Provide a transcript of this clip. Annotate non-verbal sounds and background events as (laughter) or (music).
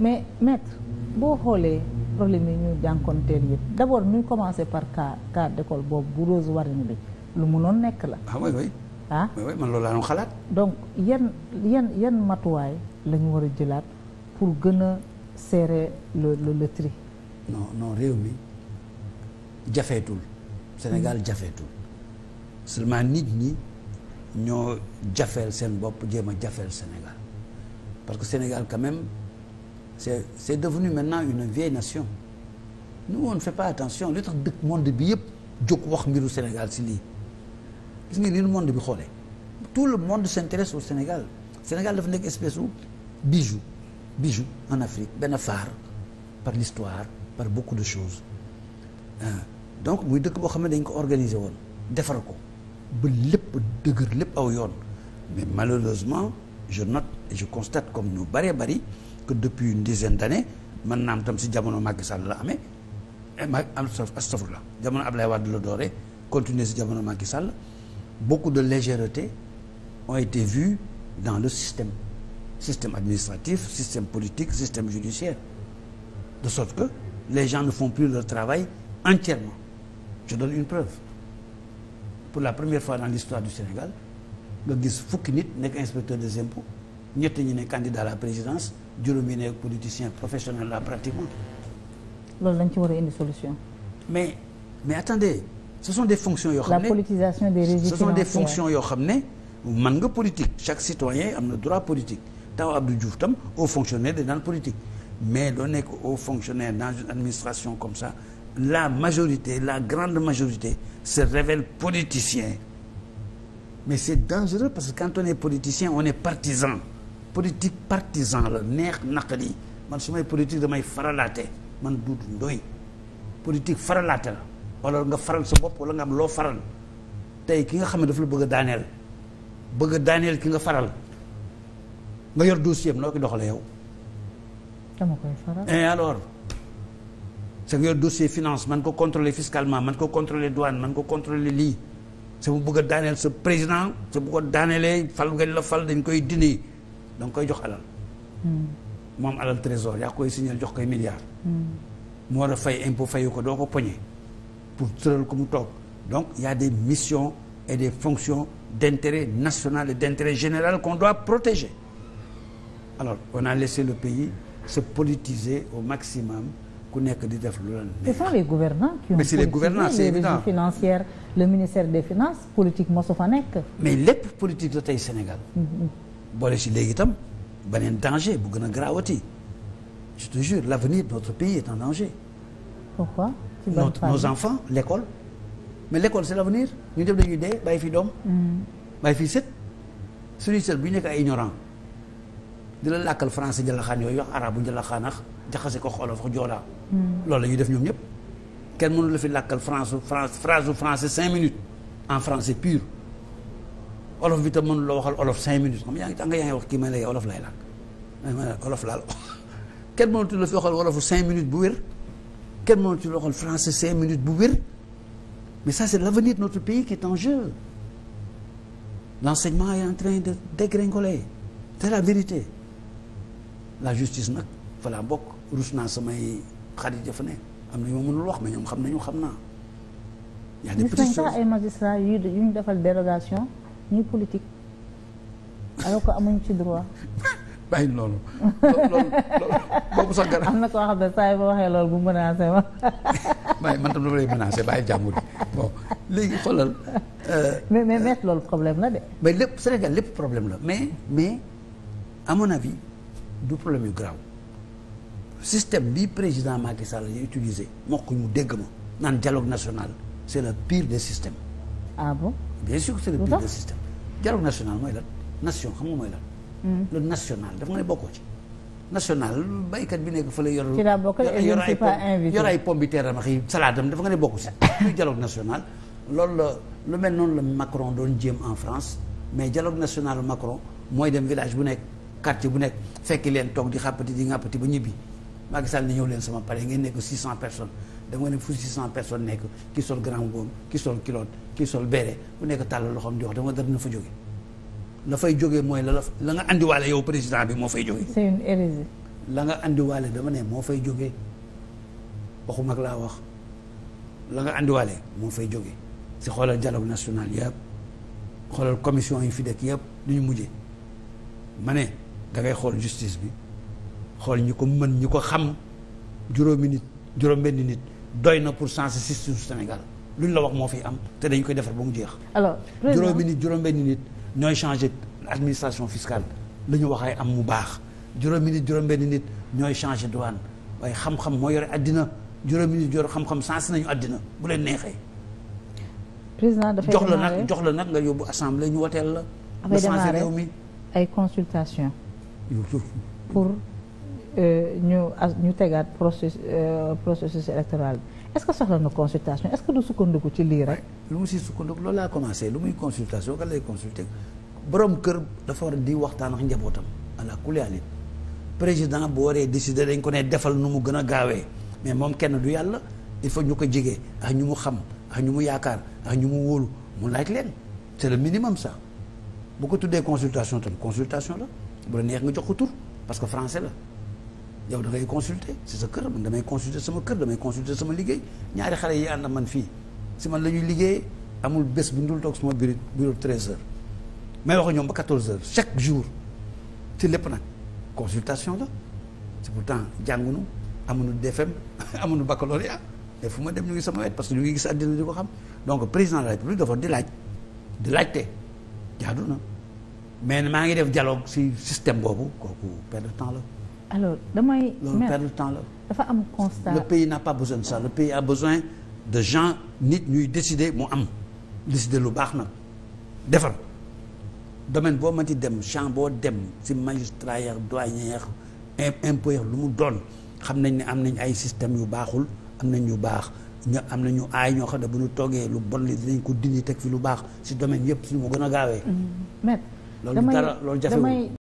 mais maître boo xoolee problème yi ñu jànkonteel yëpp d' abord ñu commencé par cas cas d' boobu bu Rose Wardini bi lu munoon nekk la. ah oui oui. ah man loolu laa doon xalaat. donc yan yan yan matuwaay lañu war a jëlaat pour gën a serrer le le le tri. non réew mi jafeetul. Sénégal mm-hmm. jafeetul. seulement nit ñi ñoo jafeel seen bopp jéem a jafeel Sénégal parce que Sénégal quand c'est c'est devenu maintenant une vieille nation nous on ne fait pas attention li tax dëkk monde bi yëpp jóg wax mbiru Sénégal si lii gis nga li nu monde bi xoolee tout le monde s'intéresse au Sénégal Sénégal dafa nekk espèce u bijou bijou en Afrique benn phare par l'histoire par beaucoup de chose donc muy dëkk boo xam ne dañ ko organiser woon defar ko ba lépp dëgër lépp aw yoon mais malheureusement je note et je constate comme ñu baree bari que depuis une dizaine d'années man naam tam si jamono Macky Sall la amee eh, ma astafurlah jamono Abdoulaye Wade la dooree continuer si jamono Macky Sall beaucoup de légèreté ont été vues dans le système système administratif système politique système judiciaire de sorte que les gens ne font plus leur travail entièrement je donne une preuve pour la première fois dans l'histoire du Sénégal nga gis fukki nit nekk inspecteur des impôts ñett ñi ne candidat à la présidence juróomi ne politicien professionnel la pratiquement. loolu lañ ci war a indi solution. mais mais attendez ce sont des fonctions yoo xam ne la politisation des ce sont des fonctions yoo xam ne man nga politique chaque citoyen am na droit politique taw Abdou Diouf tam au fonctionnaire de daan politique mais doo nekk au fonctionnaire dans une administration comme ça la majorité la grande majorité se révèle politicien mais c'est dangereux parce que quand on est politicien on partisan. politique partisan la neex naqari man su may politique damay faralaate man Doudou Ndoye politique faralaate la wala nga faral sa bopp wala nga am loo faral tey ki nga xam ne daf la bëgg a daaneel bëgg a daaneel ki nga faral nga yor dossier am noo ko doxalee yow. dama koy faral eh, yor dossier finance man ko contrôler fiscalement man ko contrôler douane man ko contrôler lii. sa mu bëgg a daaneel sa président sa bu ko daaneelee fal nga la fal dañ koy dindi da nga koy jox alal. moom alal trésor yaa koy signal jox koy milliard. Hmm. mu war a fay impôt fayu ko doo ko poñe pour tëral ko mu toog donc y des missions et des fonctions d'intérêt national et d'intérêt général qu'on doit protéger alors on a laissé le pays se politiser au maximum ku nekk di def lu la neex. ce sont les gouvernants mais c'est les gouvernants c'est évident le ministère des finances politique moo su nekk. mais lépp politique la tey Sénégal. Mm-hmm. boole si léegi itam beneen danger bu gën a grawati je te jure l' avenir de notre pays est en danger. pourquoi ci ban nos enfants l' école mais l' école c' est l' avenir ñu dem dañuy dee bàyyi fi doom. Mm. bàyyi fi sët suñuy sët bu ñu nekk ay ignorant di la làkkal français jëlaxaan yooyu wax arabu jëlaxaanax jaxase ko xoolal wax joolaa. Mm. loolu la ñuy def ñoom ñëpp kenn mënu fi làkkal France France France cinq minutes en français pur. olof bi tam mënu la waxal olof cinq minutes xam yaa ngi tànga yaa ngi wax kii may lay olof lay laal ma la olof laal (laughs) kenn mënatu la fi waxal olofu cinq minutes bu wér kenn mënatu la waxal france cinq minutes bu wér mais ça c'est l'avenir de notre pays qui est en jeu l'enseignement de dégringoler c'est la vérité la justice nag fa laa bokk rus naa samay xarit jafe am na ñoo mënul wax mais ñoom xam nañu xam naa. y a des petits choses ay yu ñu defal dérogation. ñuy politique alors que amuñ ci droit. (laughs) bàyyi loolu. loolu boobu sax gën a. am na koo xam ne saa yi ma waxee loolu bu menacé ma. (laughs) bàyyi man tam dama lay menacé bàyyi jàmbur bon léegi xoolal. Euh, mais mais euh, mais loolu problème de. mais lépp Sénégal lépp problème la mais mais à mon avis du problème yu grave système bi président Macky Sall la ñu utilisé moo ko ñu dégg ma naan dialogue national c' est le pire des systèmes. ah bon bien dialogue national mooy la nation xam nga mooy lan. Hmm. loolu national daf nga ne bokkoo ci. national baykat bi nekk fële yor. ci laa bokkal yor ay pom yor ay pommes de terre am ak i salade nga ne bokku si. muy dialogue national loolu la lu mel noonu la Macron doon jéem en France mais dialogue national Macron mooy dem village bu nekk quartier bu nekk fekk leen toog di xàppati di ngàppati ba ñibbi. Macky Sall ni ñëw leen sama pare ngeen nekk 600 personnes da nga ne fu 600 personnes nekk ki sol grand boobu ki sol culotte ki sol béret ku nekk tàll loxoom di wax dama dara na fa jóge la fay jógee mooy la la la nga andiwaale yow président bi moo fay jógee. c'est une hérésie. la nga andiwaale dama ne moo fay jógee waxu mag laa wax la nga andiwaale moo fay jógee si xoolal dialogue national yëpp xoolal commission yi fi dëkk yëpp lu ñu mujjee ma ne da xool justice bi. xool ñu ko mën ñu ko xam juróomi nit juróom-benn nit doy na pour sensibiliser su Sénégal luñ la wax moo fi am te dañ koy defar ba mu jeex. alors juróomi nit juróom-benn nit ñooy changer administration fiscale la ñu wax ay am mu baax juróomi nit juróom-benn nit ñooy changer douane waaye xam-xam moo yore àddina juróomi nit jor xam-xam sens nañu àddina bu leen neexee. président dafay jox la nag jox la nag nga yóbbu assemblée ñu woteel la. nga sensé réew mi ay consultation pour. Euh, ñu ñu tegaat processus euh, processus électoral bi est-ce que soxla na consultation est-ce que du sukkandiku ci lii rek. lu mu si sukkandiku loolu laa commencé lu muy consultation kan lay consulter borom kër dafa war di waxtaan ak njabootam ala kulli président bu waree dañ ko ne defal nu mu gën a gaawee mais moom kenn du yàlla il faut ñu ko jege ak ñu mu xam ak ñu mu yaakaar ak ñu mu wóolu mu laaj leen c'est le minimum ça bu ko tuddee consultation tam consultation la bu la neex nga jox ko parce que français la. yow da ngay consulter si sa kër man damay consulter sama kër damay consulter sama liggéey ñaari xale yi ànd man fii si man la ñuy liggéey amul bés bu ñu dul toog sama bureau bureau 13 heures may wax ñoom ba 14 chaque jour ci lépp nag consultation la c'est pourtant jàngunu amuñu DFM (laughs) amuñu baccalauréat mais fu ma dem ñu ngi sama wet parce que ñu ngi gis àddina di ko xam donc président de la république dafa di laaj di laajte jaadu na mais maa ngi def dialogue si système boobu kooku temps la. alors damay. loolu perdre du dafa am constat le pays n'a pas besoin de ça le pays a besoin de gens nit ñuy décider mu am décider lu baax nag defar domaine boo mënti dem champ boo dem si magistrat yeex douanier yeex impôt yeex lu mu doon xam nañ ni am nañ ay système yu baaxul am nañ yu baax ñu am nañu aay ñoo xam ne bu ñu toogee lu bon li dinañ ko dindi teg fi lu baax si domaine yëpp si mu gën a gaawee. Mm-hmm. loolu dara loolu jafewul